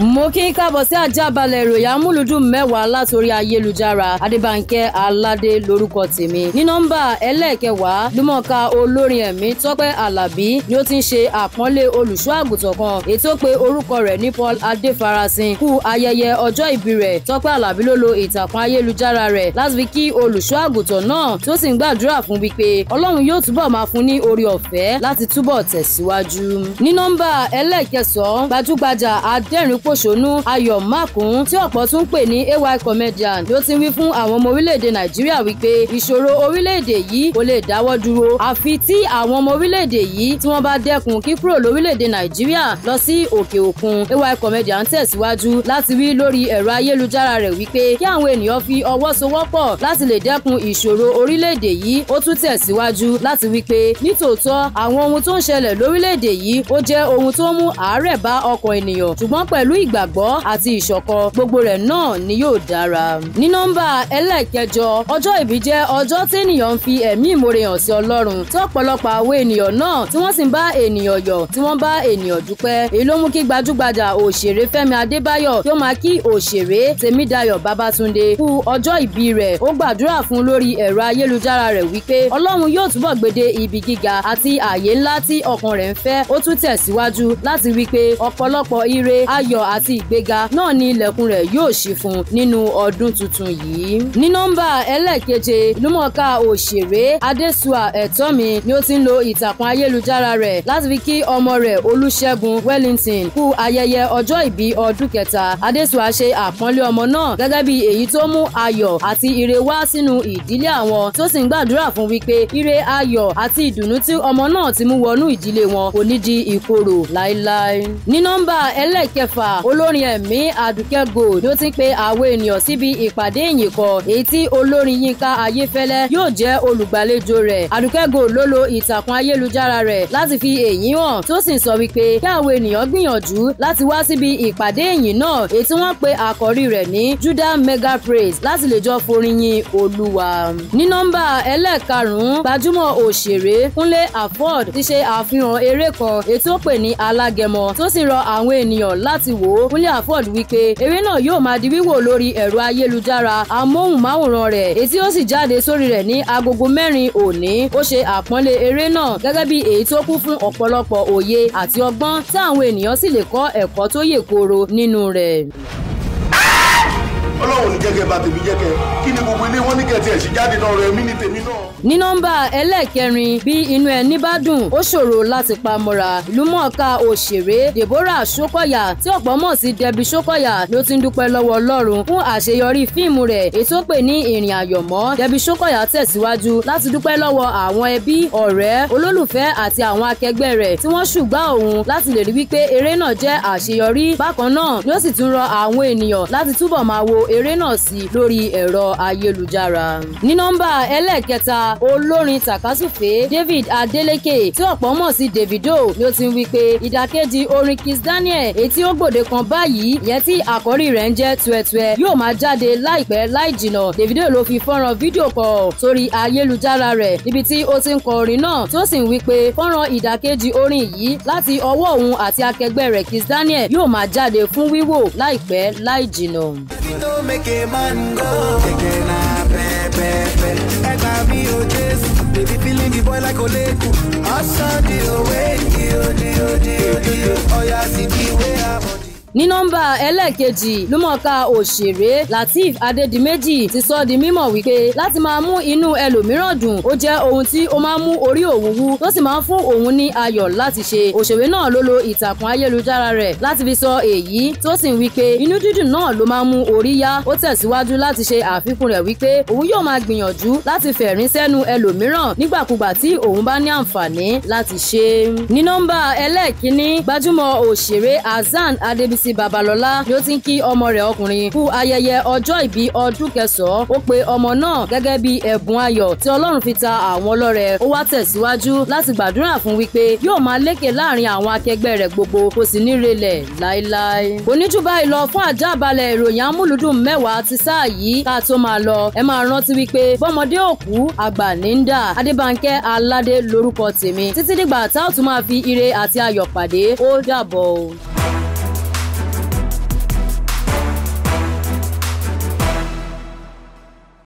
mo kí n káàbọ̀ sí àjábalẹ̀ ìròyìn amúlùdùn mẹ́wàá látòrí ayélujára adébánkẹ́ aládé lórúkọ tèmi ní nọ́mbà ẹlẹ́ẹ̀kẹwàá lúmọ̀ọ́ká olórin ẹ̀mí tọ́pẹ́ alábí ni ó ti ń ṣe àpọ́nlé olùṣọ́ àgùntàn kan ètò pé orúkọ rẹ̀ ní paul adéfarasin kú ayẹyẹ ọjọ́ ìbí rẹ̀ tọ́pẹ́ alábí ló lo ìtàkùn ayélujára rẹ̀ láti fi kí olùṣọ́ àgùntàn náà tó sì ń gbàdúrà fún wípé ọlọ́run yóò túbọ̀ máa fún ní oore ọ̀fẹ́ láti túbọ̀ tẹ̀síwájú ní nọ́mbà ẹlẹ́ẹ̀kẹsàn-án gbajúgbajà adẹ́rìnpọ̀ Kòsónú Ayọ̀ Mákùn tí ọ̀pọ̀ tún pè ní AY comedian ló ti wí fún àwọn ọmọ orílẹ̀-èdè Nàìjíríà wípé ìṣòro orílẹ̀-èdè yìí kò lè dáwọ́ dúró àfi tí àwọn ọmọ orílẹ̀-èdè yìí tí wọ́n bá dẹ́kun kíkúrò lórílẹ̀-èdè Nàìjíríà lọ sí òkè òkun AY comedian tẹ̀síwájú láti wí lórí ẹ̀rọ ayélujára rẹ̀ wípé kí àwọn ènìyàn fi ọwọ́ sowọ́pọ̀ láti lè dẹ́kun ìṣòro orílẹ̀-èdè yìí ó tún tẹ̀síwájú láti wípé nítòótọ́ àwọn ohun tó ń ṣẹlẹ̀ lórílẹ̀-èdè yìí ó jẹ́ ohun tó mú àárẹ̀ bá ọkàn ènìyàn ṣùgbọ́n pẹ̀lú ìgbàgbọ́ àti ìṣọ̀kan gbogbo rẹ̀ náà ni yóò dára. ní nọ́mbà ẹlẹ́ẹ̀kẹjọ ọjọ́ ìbí jẹ́ ọjọ́ tí ènìyàn ń fi ẹ̀mí ìmoore hàn sí ọlọ́run tí ọ̀pọ̀lọpọ̀ àwọn ènìyàn náà tí wọ́n sì ń bá ènìyàn yọ̀ tí wọ́n bá ènìyàn dúpẹ́ èyí ló mú kí gbajúgbajà òṣèré Fẹ́mi Adébáyọ̀ kí ó máa kí òṣèré Tèmídayọ̀ Babátúndé kú ọjọ́ ìbí rẹ̀ ó gbàdúrà fún lórí ẹ̀rọ ayélujára rẹ̀ wípé ọlọ́run yóò túbọ̀ gbede ibi gíga àti àyè ńlá tí ọkàn rẹ̀ ń fẹ́ ó tún tẹ̀síwájú láti wípé ọ̀pọ̀lọpọ̀ ire ayọ̀ àti ìgbéga náà ni ilẹ̀kùn rẹ̀ yóò ṣí fún nínú ọdún tuntun yìí. ní nọ́mbà ẹlẹ́ẹ̀keje ìlúmọ̀ọ́ká òṣèré adésùà ẹ̀tọ́mi ni ó ti ń lo ìtàkùn ayélujára rẹ̀ láti fi kí ọmọ rẹ̀ olúṣẹ́gun wellington kú ayẹyẹ ọjọ́ ìbí ọdún kẹta adésùà ṣe àpọ́nlé ọmọ náà gẹ́gẹ́ bí èyí tó mú ayọ̀ àti ire wá sínú ìdílé àwọn tó sì ń gbàdúrà fún wípé ire ayọ̀ àti ìdùnnú tí ọmọ náà ti mú wọnú ìdílé wọn kò ní di ìkorò láéláé. ní nọ́mbà ẹlẹ́ẹ̀kẹfà olórin ẹ̀mí àdùkẹ́ gold ni ó ti ń pe àwọn ènìyàn síbi ìpàdé ìyìn kan èyí tí olórin yínká ayéfẹ́lẹ́ yóò jẹ́ olùgbàlejò rẹ̀ àdùkẹ́ gold ló lo ìtàkùn ayélujára rẹ̀ láti fi èyí hàn tó sì ń sọ wípé kí àwọn ènìyàn gbìyànjú láti wá síbi ìpàdé ìyìn náà èyí tí wọ́n pe àkọ́rí rẹ̀ ní judah mega praise láti lè jọ forin yin olúwa. ní nọ́mbà ẹlẹ́ẹ̀karùn-ún gbajúmọ̀ òṣèré kúnlé afford ti ṣe àfihàn eré kan èyí tó pè ní alágẹmọ tó sì rọ àwọn ènìyàn láti wò ó kúnlé afọd wípé eré náà yóò máa di wíwò lórí ẹ̀rọ ayélujára amóhùnmáwòrán rẹ̀ èyí tí ó sì jáde sórí rẹ̀ ní agogo mẹ́rin òní ó ṣe àpọ́nlé eré náà gẹ́gẹ́ bí èyí tó kún fún ọ̀pọ̀lọpọ̀ òye àti ọgbọ́n tí àwọn ènìyàn sì lè kọ́ ẹ̀kọ́ tó yè kooro nínú rẹ̀. ọlọ́run ní jẹ́kẹ́ bá tèmi jẹ́kẹ́ kí ni torí wọ́n ní kẹ̀tì ẹ̀sìn jáde náà rẹ̀ mí ní tèmi náà. ní nọ́mbà ẹlẹ́ẹ̀kẹrin bí inú ẹni bá dùn ó ṣòro láti pa mọ́ra ìlúmọ̀ọ́ká òṣèré Deborah Sokoya tí ọ̀pọ̀ mọ̀ sí Debbie Sokoya ló ti ń dúpẹ́ lọ́wọ́ Ọlọ́run fún àṣeyọrí fíìmù rẹ̀ ètò pè ní ìrìn àyọ̀mọ́ Debbie Sokoya tẹ̀síwájú láti dúpẹ́ lọ́wọ́ àwọn ẹbí ọ̀rẹ́ olólùfẹ́ àti àwọn akẹgbẹ́ rẹ̀ tí wọ́n ṣùgbà òun láti lè rí wípé eré náà jẹ́ àṣeyọrí bákan náà ni sì tún rọ àwọn ènìyàn láti túbọ̀ máa wo eré náà sí lórí ẹ̀rọ ayélujára ayélujára. ní nọ́mbà ẹlẹ́ẹ̀kẹta olórin tàkásùfé David Adeleke tí ọ̀pọ̀ mọ̀ sí Davido ni ó ti ń wí pé ìdàkejì orin Kiss Daniel etí ó gbòde kan báyìí ìyẹn tí àkórí rẹ̀ ń jẹ́ tuẹ̀tuẹ̀ yóò máa jáde láìpẹ́ láì jìnà Davido ló fi fọ́nrán fídíò kọ sórí ayélujára rẹ̀ níbi tí ó ti ń kọ orin náà tí ó sì ń wí pé fọ́nrán ìdàkejì orin yìí láti ọwọ́ òun àti akẹgbẹ́ rẹ̀ Kiss Daniel yóò máa jáde fún wíwò láìpẹ́ láì jìnà. Davido make pẹ́ẹ́pẹ́ẹ́pẹ́ ẹ baby boy like òdi òdi òdi ọ̀yà ní nọ́mbà ẹlẹ́ẹ̀kejì lúmọ̀ọ́ká òṣèré Lateef Adédìméjì ti sọ di mímọ̀ wípé láti máa mú inú ẹlòmíràn dùn ó jẹ́ ohun tí ó máa ń mú orí òun wú tó sì máa ń fún òun ní ayọ̀ láti ṣe òṣèré náà ló lo ìtàkùn ayélujára rẹ̀ láti fi sọ èyí tó sì ń wípé inú dídùn náà ló máa ń mú orí yá ó tẹ̀síwájú láti ṣe àfikún rẹ̀ wípé òun yóò máa gbìyànjú láti fẹ̀rín sẹ́nu ẹlòmíràn Tósìn Babalọ́lá ni ó ti ń kí ọmọ rẹ̀ ọkùnrin kú ayẹyẹ ọjọ́ ìbí ọdún kẹsàn-án ó pe ọmọ náà gẹ́gẹ́ bí ẹ̀bùn ayọ̀ tí Ọlọ́run fi ta àwọn ọlọ́rẹ ó wá tẹ̀síwájú láti gbàdúrà fún wípé yóò máa lékè láàrin àwọn akẹgbẹ́ rẹ̀ gbogbo kò sì ní relẹ̀ láéláé. kò ní jù báyìí lọ fún àjábalẹ̀ ìròyìn amúlùdùn mẹ́wàá ti sáà yìí ká tó máa lọ ẹ máa rántí wípé bọ́mọdé òkú àgbà ní ń dà Adébánkẹ́ Aládé lórúkọ tèmi títí dìgbà tá tún máa fi ire àti ayọ̀ pàdé ó dàbọ̀ o.